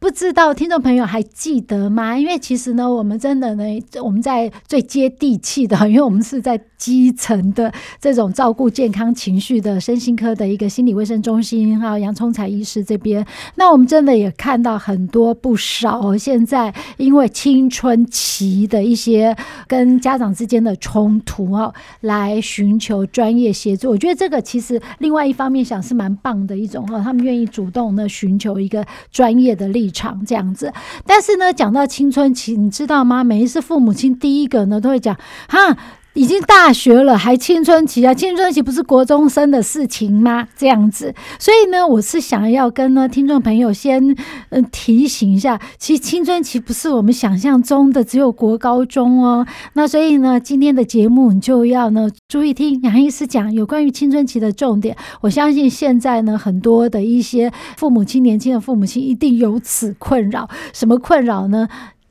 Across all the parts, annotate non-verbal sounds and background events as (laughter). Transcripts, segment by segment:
不知道聽眾朋友還記得嗎？因為其實呢，我們真的呢，我們在最接地氣的，因為我們是在基層的這種照顧健康情緒的身心科的一個心理衛生中心哈，楊聰財醫師這邊，那我們真的也看到很多不少現在因為青春期的一些跟家長之間的衝突哦、啊，來尋求專業協助。我覺得這個其實另外一方面想是蠻棒的一種哈、啊，他們願意主動呢尋求一個專業的力。長這樣子，但是呢，講到青春期，你知道嗎？每一次父母親第一個呢，都會講，哈。已經大學了，還青春期啊？青春期不是國中生的事情嗎？這樣子，所以呢，我是想要跟呢聽眾朋友先嗯、呃、提醒一下，其實青春期不是我們想象中的只有國高中哦。那所以呢，今天的節目你就要呢注意聽楊醫師講有關於青春期的重點。我相信現在呢很多的一些父母親，年輕的父母親一定有此困擾，什麼困擾呢？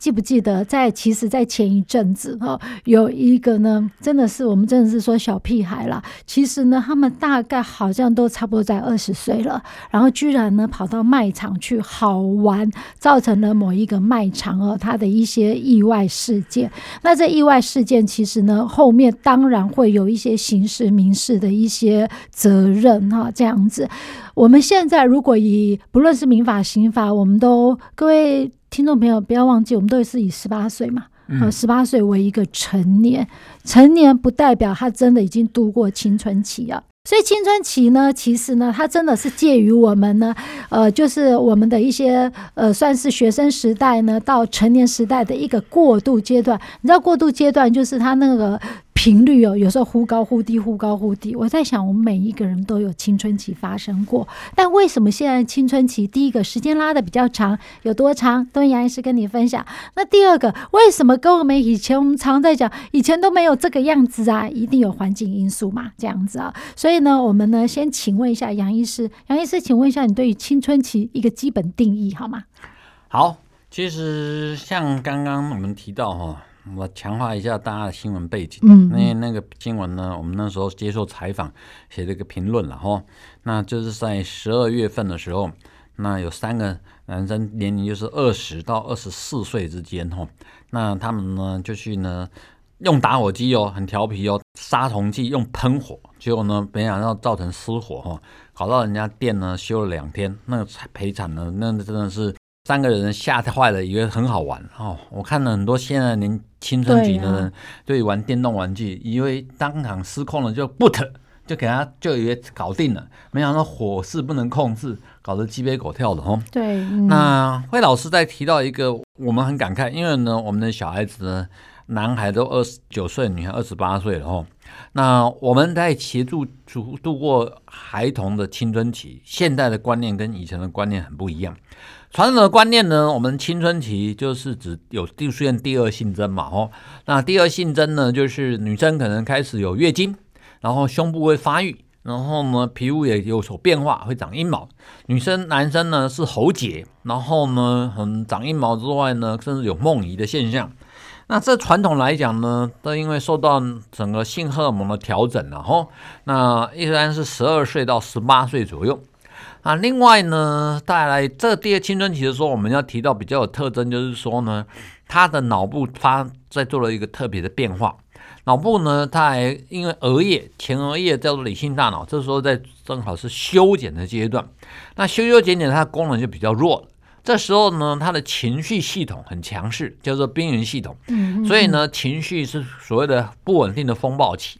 記不記得，在其實，在前一陣子哈、哦，有一個呢，真的是我們真的是說小屁孩啦。其實呢，他們大概好像都差不多在二十歲了，然後居然呢跑到賣場去好玩，造成了某一個賣場啊、哦、它的一些意外事件。那這意外事件，其實呢，後面當然會有一些刑事、民事的一些責任哈、哦，這樣子。我們現在如果以不論是民法、刑法，我們都各位聽眾朋友不要忘記，我們都是以十八歲嘛，嗯，呃，十八歲為一個成年。成年不代表他真的已經度過青春期啊。所以青春期呢，其實呢，它真的是介於我們呢，呃，就是我們的一些呃，算是學生時代呢，到成年時代的一個過渡階段。你知道過渡階段就是他那個。頻率哦，有時候忽高忽低，忽高忽低。我在想，我們每一個人都有青春期發生過，但為什麼現在青春期，第一個時間拉得比較長，有多長？都楊醫師跟你分享。那第二個，為什麼跟我們以前我們常在講，以前都沒有這個樣子啊？一定有環境因素嘛，這樣子啊。所以呢，我們呢，先請問一下楊醫師，楊醫師，請問一下你對於青春期一個基本定義好嗎？好，其實像剛剛我們提到哈。我強化一下大家的新聞背景。嗯，那那個新聞呢，我們那時候接受採訪，寫了一個評論了哈。那就是在十二月份的時候，那有三個男生，年齡就是二十到二十四歲之間哈。那他們呢，就去呢用打火機哦，很調皮哦，殺蟲劑用噴火，結果呢，沒想到造成失火哈、哦，搞到人家店呢修了兩天，那個賠償呢，那真的是。三個人嚇壞了以為，很好玩哦。我看了很多現在年青春期的人對玩電動玩具，因對、啊、為當場失控了就不 o 就給他就以為搞定了，沒想到火勢不能控制，搞得雞飛狗跳的哦。對，嗯、那魏老師在提到一個，我們很感慨，因為呢，我們的小孩子呢。男孩都二十九歲，女孩二十八歲了哦。那我們在協助度度過孩童的青春期，現在的觀念跟以前的觀念很不一樣。傳統的觀念呢，我們青春期就是指有出現第二性徵嘛哦。那第二性徵呢，就是女生可能開始有月經，然後胸部會發育，然後呢皮膚也有所變化，會長陰毛。女生、男生呢是喉結，然後呢嗯，長陰毛之外呢，甚至有夢遺的現象。那這傳統來講呢，都因為受到整個性荷爾蒙的調整了吼。那一般是十二歲到十八歲左右。啊，另外呢，帶來這個、第二青春期的時候，我們要提到比較有特徵，就是說呢，他的腦部它在做了一個特別的變化。腦部呢，它還因為額葉、前額葉叫做理性大腦，這時候在正好是修剪的階段。那修修剪剪，剪，它的功能就比較弱了。這時候呢，他的情緒系統很強勢，叫做邊緣系統，嗯、哼所以呢，情緒是所謂的不穩定的風暴期。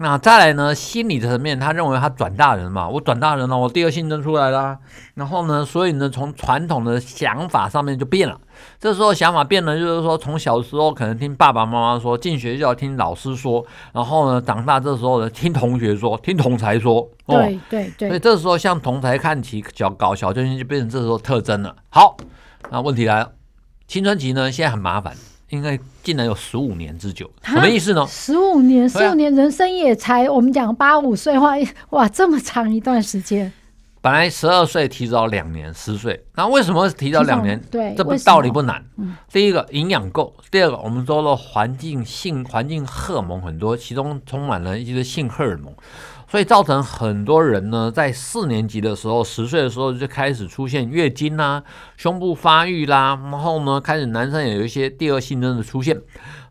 那再來呢，心理層面，他認為他轉大人嘛，我轉大人了，我第二性徵出來啦。然後呢，所以呢，從傳統的想法上面就變了。這時候想法變了，就是說從小時候可能聽爸爸媽媽說，進學校聽老師說，然後呢，長大這時候呢聽同學說，聽同儕說。對對對。所以這時候向同儕看齊，搞小圈圈就變成這時候特徵了。好，那問題來了，青春期呢現在很麻煩。應該竟然有十五年之久，蛤什麼意思呢？十五年，十五年，啊，十五年人生也才我們講八五歲話，哇，這麼長一段時間。本來十二歲提早兩年，十歲，那為什麼提早兩年？對，這不道理不難。第一個營養夠，第二個我們說了環境性環境荷爾蒙很多，其中充滿了一些性荷爾蒙。所以造成很多人呢，在四年級的時候，十歲的時候就開始出現月經啦、啊，胸部發育啦、啊，然後呢，開始男生也有一些第二性徵的出現，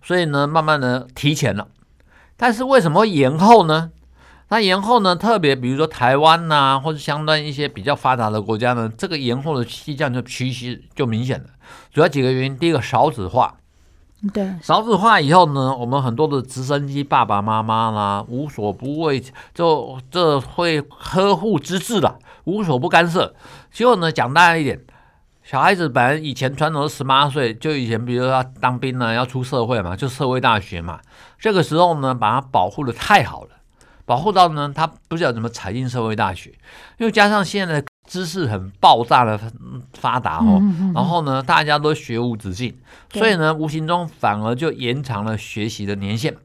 所以呢，慢慢的提前了。但是為什麼延後呢？那延後呢，特別比如說台灣吶、啊，或者相當一些比較發達的國家呢，這個延後的跡象就其實就明顯了。主要幾個原因，第一個少子化。對，少子化以後呢，我們很多的直升機爸爸媽媽啦，無所不為，就這會呵護之至啦，無所不干涉。其實我呢，講大一點，小孩子本來以前傳統的十八歲，就以前比如說要當兵呢、啊，要出社會嘛，就社會大學嘛。這個時候呢，把他保護的太好了，保護到呢，他不知道怎麼踩進社會大學，又加上現在。知識很爆炸的發達哦，然後呢，大家都學無止境，嗯嗯嗯。所以呢，無形中反而就延長了學習的年限。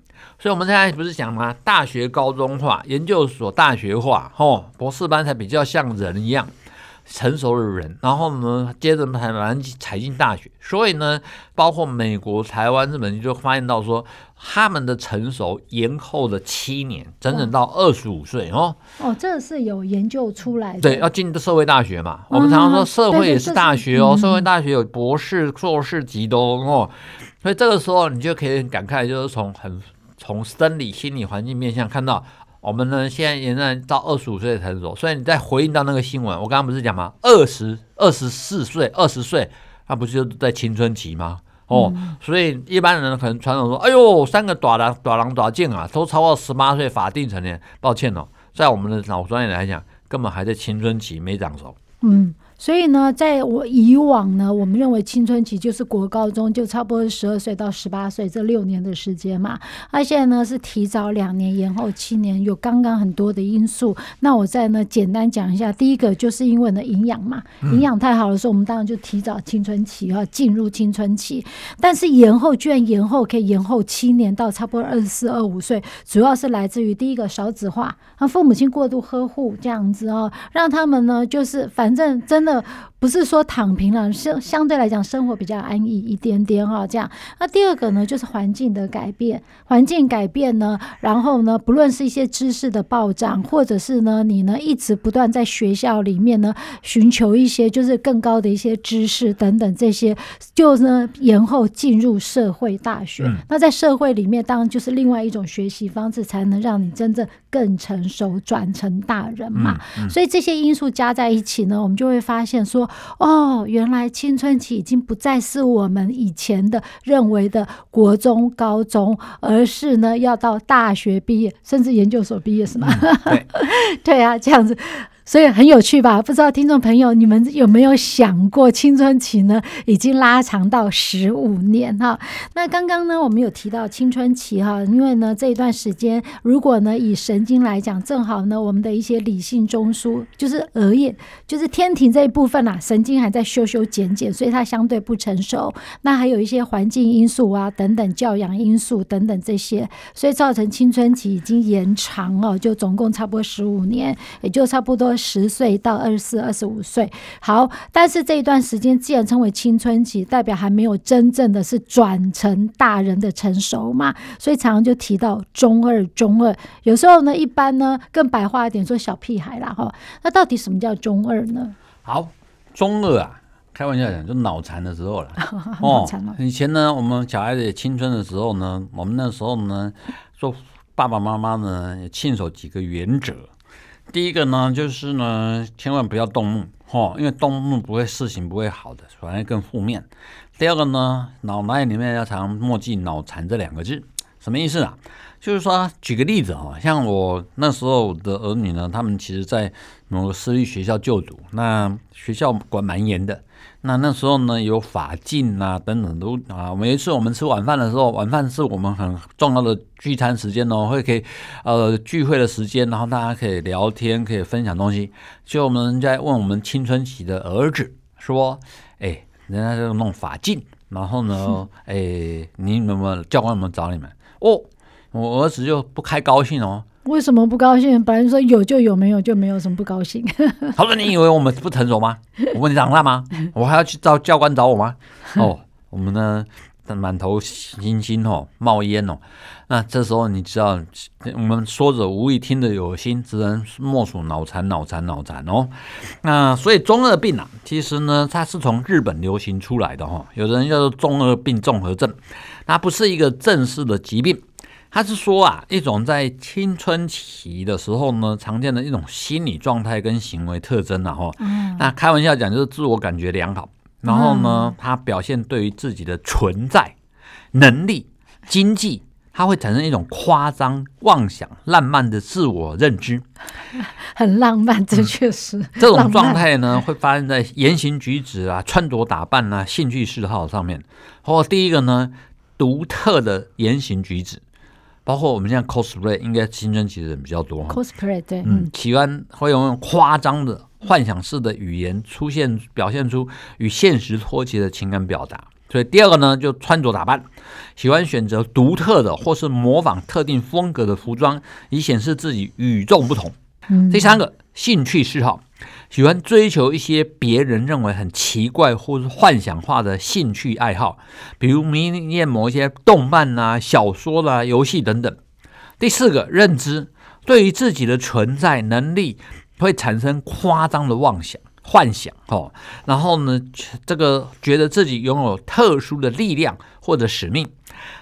所以，我們現在不是講嘛，大學高中化，研究所大學化，吼、哦，博士班才比較像人一樣。成熟的人，然後我們接着排來才進大學。所以呢，包括美國、台灣、日本就發現到說，他們的成熟延後了七年，整整到二十五歲哦。哦，這是有研究出來的。對，要進社會大學嘛。嗯、哼哼，我們常常說社會也是大學哦。對對嗯、社會大學有博士、碩士級的哦。所以這個時候，你就可以感慨，就是從很從生理、心理環境面向看到。我們呢，現在仍然到二十五歲才成熟，所以你再回應到那個新聞，我剛剛不是講嗎？二十二十四歲、二十歲，他不就是就在青春期嗎？哦，嗯、所以一般人可能傳統說，哎呦，三個短的短、郎短劍啊，都超過十八歲法定成年，抱歉哦，在我們的腦專業來講，根本還在青春期，沒長熟。嗯。所以呢，在我以往呢，我們認為青春期就是國高中，就差不多十二歲到十八歲這六年的時間嘛。而、啊、現在呢是提早兩年，延後七年，有剛剛很多的因素。那我再呢簡單講一下，第一個就是因為呢營養嘛，嗯、營養太好的時候，我們當然就提早青春期啊，進入青春期。但是延後居然延後可以延後七年，到差不多二十四、二十五歲，主要是來自於第一個少子化，啊，父母親過度呵護這樣子哦，讓他們呢就是反正真的。不是說躺平了，相相對來講生活比較安逸一點點哈、哦。這樣，那第二個呢，就是環境的改變，環境改變呢，然後呢，不論是一些知識的暴漲，或者是呢，你呢一直不斷在學校裡面呢，尋求一些就是更高的一些知識等等，這些就呢延後進入社會大學。嗯、那在社會裡面，當然就是另外一種學習方式，才能讓你真正更成熟，轉成大人嘛。嗯嗯、所以這些因素加在一起呢，我們就會發。發現說哦，原來青春期已經不再是我們以前的認為的國中、高中，而是呢要到大學畢業，甚至研究所畢業，是嗎？嗯、對， (laughs) 對啊，這樣子。所以很有趣吧？不知道聽眾朋友你們有沒有想過，青春期呢已經拉長到十五年哈、啊。那剛剛呢我們有提到青春期哈、啊，因為呢這一段時間，如果呢以神經來講，正好呢我們的一些理性中樞就是額葉，就是天庭這一部分啊，神經還在修修剪剪，所以它相對不成熟。那還有一些環境因素啊等等，教養因素等等這些，所以造成青春期已經延長了、啊，就總共差不多十五年，也就差不多。十歲到二十四、二十五歲，好，但是這一段時間既然稱為青春期，代表還沒有真正的是轉成大人的成熟嘛，所以常常就提到中二。中二有時候呢，一般呢更白話一點說小屁孩啦。哈。那到底什麼叫中二呢？好，中二啊，開玩笑講就腦殘的時候了。腦殘哦，哦，以前呢，我們小孩子也青春的時候呢，我們那時候呢，做爸爸媽媽呢，要遵守幾個原則。第一個呢，就是呢，千萬不要動怒哈、哦，因為動怒不會事情不會好的，反而更負面。第二個呢，腦袋裡面要常默記“腦殘”這兩個字，什麼意思啊？就是說，舉個例子哈、哦，像我那時候的兒女呢，他們其實在某個私立學校就讀，那學校管蠻嚴的。那那時候呢，有髮禁啊等等都啊。每一次我們吃晚飯的時候，晚飯是我們很重要的聚餐時間哦，會可以呃聚會的時間，然後大家可以聊天，可以分享東西。就我們在問我們青春期的兒子說：“哎，人家就弄髮禁，然後呢，哎，你怎麼教官怎麼找你們？哦，我兒子就不開高興哦。”為什麼不高興？本來說有就有，沒有就沒有什麼不高興。他 (laughs) 說：“你以為我們不成熟嗎？我問你長大嗎？ (laughs) 我還要去找教官找我嗎？”哦，我們呢，滿頭星星哦，冒煙哦。那這時候你知道，我們說者無意，聽者有心，只能莫屬腦殘、腦殘、腦殘哦。那所以中二病啊，其實呢，它是從日本流行出來的哈、哦，有的人叫做中二病綜合症，它不是一個正式的疾病。他是說啊，一種在青春期的時候呢，常見的一種心理狀態跟行為特徵，然後，那開玩笑講就是自我感覺良好。然後呢，他、嗯、表現對於自己的存在、能力、經濟，他會產生一種誇張、妄想、浪漫的自我認知。很浪漫，這確實。嗯、這種狀態呢，漫會發生在言行舉止啊、穿着打扮啊、興趣嗜好上面。或第一個呢，獨特的言行舉止。包括我們現在 cosplay，應該青春期的人比較多。cosplay 對，嗯，嗯，喜歡會用誇張的、幻想式的語言出現，表現出與現實脫節的情感表達。所以第二個呢，就穿着打扮，喜歡選擇獨特的或是模仿特定風格的服裝，以顯示自己與眾不同。嗯，第三個興趣嗜好。喜歡追求一些別人認為很奇怪或是幻想化的興趣愛好，比如迷戀某一些動漫吶、啊、小說啦、啊、遊戲等等。第四個，認知對於自己的存在能力會產生誇張的妄想、幻想，哦，然後呢，這個覺得自己擁有特殊的力量或者使命。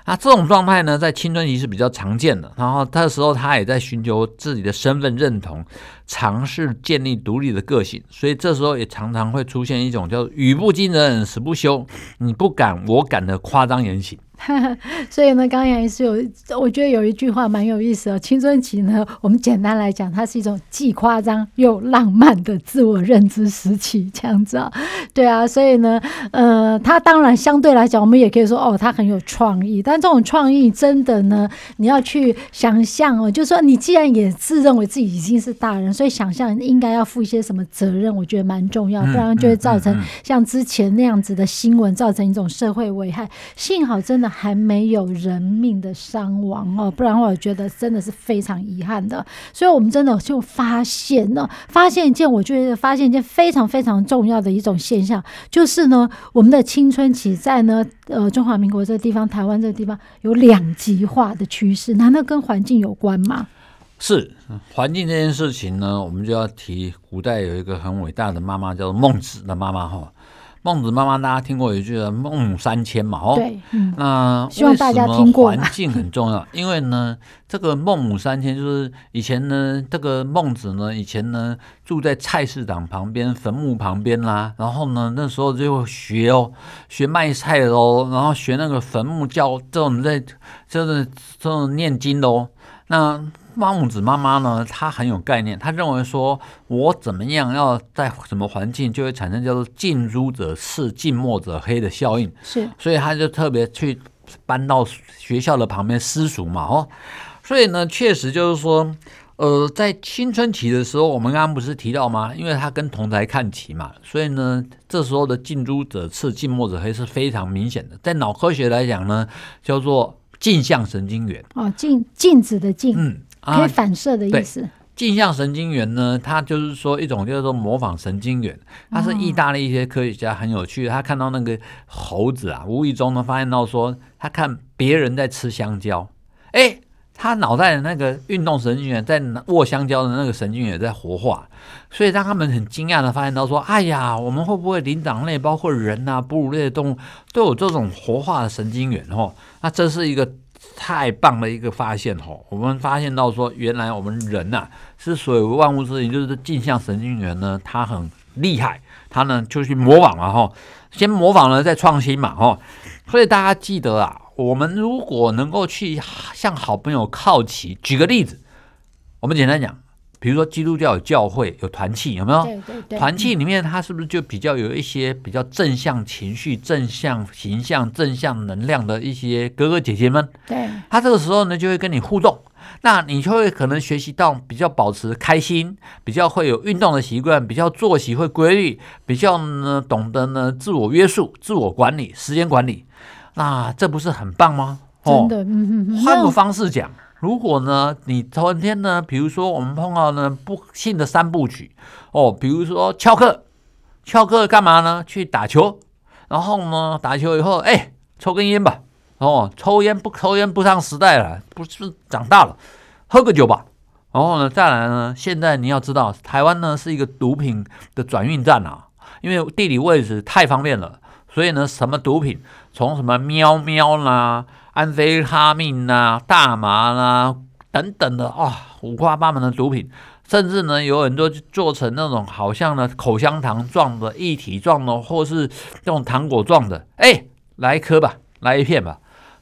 那、啊、這種狀態呢，在青春期是比較常見的。然後，這時候他也在尋求自己的身份認同，嘗試建立獨立的個性，所以這時候也常常會出現一種叫“語不驚人死不休，你不敢我敢”的誇張言行。 (laughs) 所以呢，剛剛楊醫師有，我覺得有一句話蠻有意思哦。青春期呢，我們簡單來講，它是一種既誇張又浪漫的自我認知時期，這樣子啊、喔。對啊，所以呢，呃，他當然相對來講，我們也可以說哦，他很有創意。但這種創意真的呢，你要去想象哦、喔，就說你既然也自認為自己已經是大人，所以想象應該要負一些什麼責任，我覺得蠻重要，不、嗯嗯嗯、然就會造成像之前那樣子的新聞，造成一種社會危害。幸好真的。還沒有人命的傷亡哦，不然我覺得真的是非常遺憾的。所以，我們真的就發現了，發現一件，我覺得發現一件非常非常重要的一種現象，就是呢，我們的青春期在呢，呃，中華民國這個地方，台灣這個地方有兩極化的趨勢。難道跟環境有關嗎？是環境這件事情呢，我們就要提古代有一個很偉大的媽媽，叫做孟子的媽媽哈。孟子媽媽，大家聽過一句、啊“孟母三遷”嘛？哦，對，嗯，那、呃啊、為什麼環境很重要？因為呢，這個孟母三遷就是以前呢，這個孟子呢，以前呢住在菜市場旁邊、墳墓旁邊啦、啊，然後呢那時候就學哦，學賣菜的哦，然後學那個墳墓叫這種在，就是這種念經的哦。那。孟子媽媽呢，她很有概念，她認為說，我怎麼樣要在什麼環境，就會產生叫做“近朱者赤，近墨者黑”的效應。是，所以她就特別去搬到學校的旁邊私塾嘛，哦，所以呢，確實就是說，呃，在青春期的時候，我們剛剛不是提到嗎？因為他跟同儕看齊嘛，所以呢，這時候的“近朱者赤，近墨者黑”是非常明顯的。在腦科學來講呢，叫做鏡像神經元。哦，鏡鏡子的鏡，嗯。可以反射的意思、啊。鏡像神經元呢，它就是說一種，就是說模仿神經元。它是意大利一些科學家很有趣的，他看到那個猴子啊，無意中呢發現到說，他看別人在吃香蕉，誒，他腦袋的那個運動神經元在握香蕉的那個神經元在活化，所以讓他們很驚訝的發現到說，哎呀，我們會不會靈長類，包括人吶、啊，哺乳類的動物都有這種活化的神經元？哦，那、啊、這是一個。太棒了，一個發現吼！我們發現到說，原來我們人吶、啊，是所有萬物之靈，就是鏡像神經元呢，它很厲害，它呢就去模仿嘛吼，先模仿了再創新嘛吼，所以大家記得啊，我們如果能夠去向好朋友靠齊，舉個例子，我們簡單講。比如說，基督教有教會有團契，有沒有？對對對。團契裡面，他是不是就比較有一些比較正向情緒、正向形象、正向能量的一些哥哥姐姐們？對，他這個時候呢，就會跟你互動，那你就會可能學習到比較保持開心，比較會有運動的習慣，比較作息會規律，比較呢懂得呢自我約束、自我管理、時間管理，那、啊、這不是很棒嗎？哦、真的，嗯嗯、換個方式講。如果呢，你昨天呢，比如說我們碰到呢不幸的三部曲哦，比如說翹課，翹課幹嘛呢？去打球，然後呢打球以後，哎、欸，抽根煙吧，哦，抽煙不抽煙不上時代了，不是長大了，喝個酒吧，然後呢再來呢，現在你要知道，台灣呢是一個毒品的轉運站啊，因為地理位置太方便了。所以呢，什麼毒品，從什麼喵喵啦、安非他命啦、大麻啦等等的啊、哦，五花八門的毒品，甚至呢有很多做成那種好像呢口香糖狀的液體狀的，或是那種糖果狀的，哎，來一顆吧，來一片吧。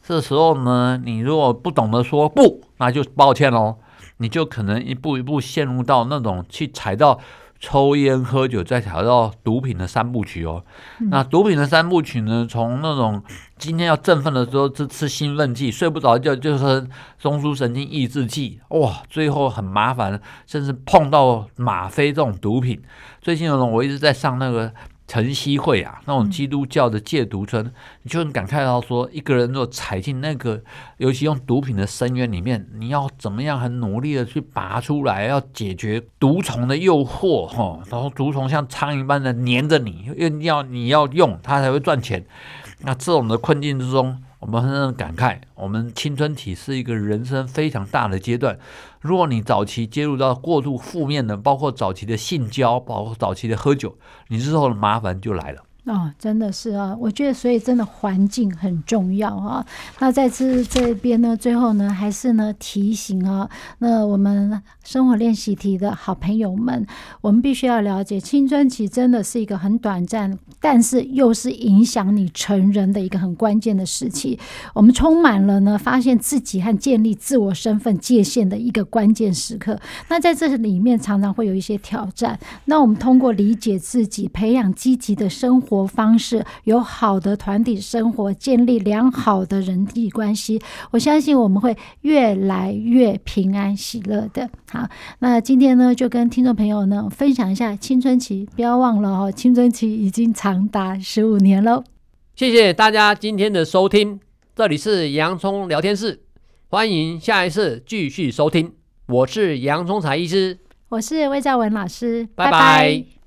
這時候呢，你如果不懂得說不，那就抱歉嘍，你就可能一步一步陷入到那種去踩到。抽煙、喝酒，再調到毒品的三部曲哦。嗯、那毒品的三部曲呢？從那種今天要振奮的時候就吃興奮劑，睡不着覺就是中樞神經抑制劑，哇，最後很麻煩，甚至碰到嗎啡這種毒品。最近那種我一直在上那個。晨曦會啊，那種基督教的戒毒村，你、嗯、就很感慨到說，一個人如果踩進那個，尤其用毒品的深淵裡面，你要怎麼樣很努力的去拔出來，要解決毒蟲的誘惑哈，然後毒蟲像蒼蠅般的黏着你，要你要用它才會賺錢，那這種的困境之中。我們很感慨，我們青春期是一個人生非常大的階段。如果你早期接入到過度負面的，包括早期的性交，包括早期的喝酒，你之後的麻煩就來了。哦，真的是啊，我覺得所以真的環境很重要啊。那在這這邊呢，最後呢，還是呢提醒啊，哦，那我們生活練習題的好朋友們，我們必須要了解，青春期真的是一個很短暫，但是又是影響你成人的一個很關鍵的時期。我們充滿了呢，發現自己和建立自我身份界限的一個關鍵時刻。那在這裡面常常會有一些挑戰。那我們通過理解自己，培養積極的生活。方式，有好的團體生活，建立良好的人際關係，我相信我們會越來越平安喜樂的。好，那今天呢，就跟聽眾朋友呢分享一下青春期，不要忘了哦，青春期已經長達十五年囉。謝謝大家今天的收聽，這裡是洋蔥聊天室，歡迎下一次繼續收聽，我是楊聰財醫師，我是魏兆玟老師，拜拜。拜拜。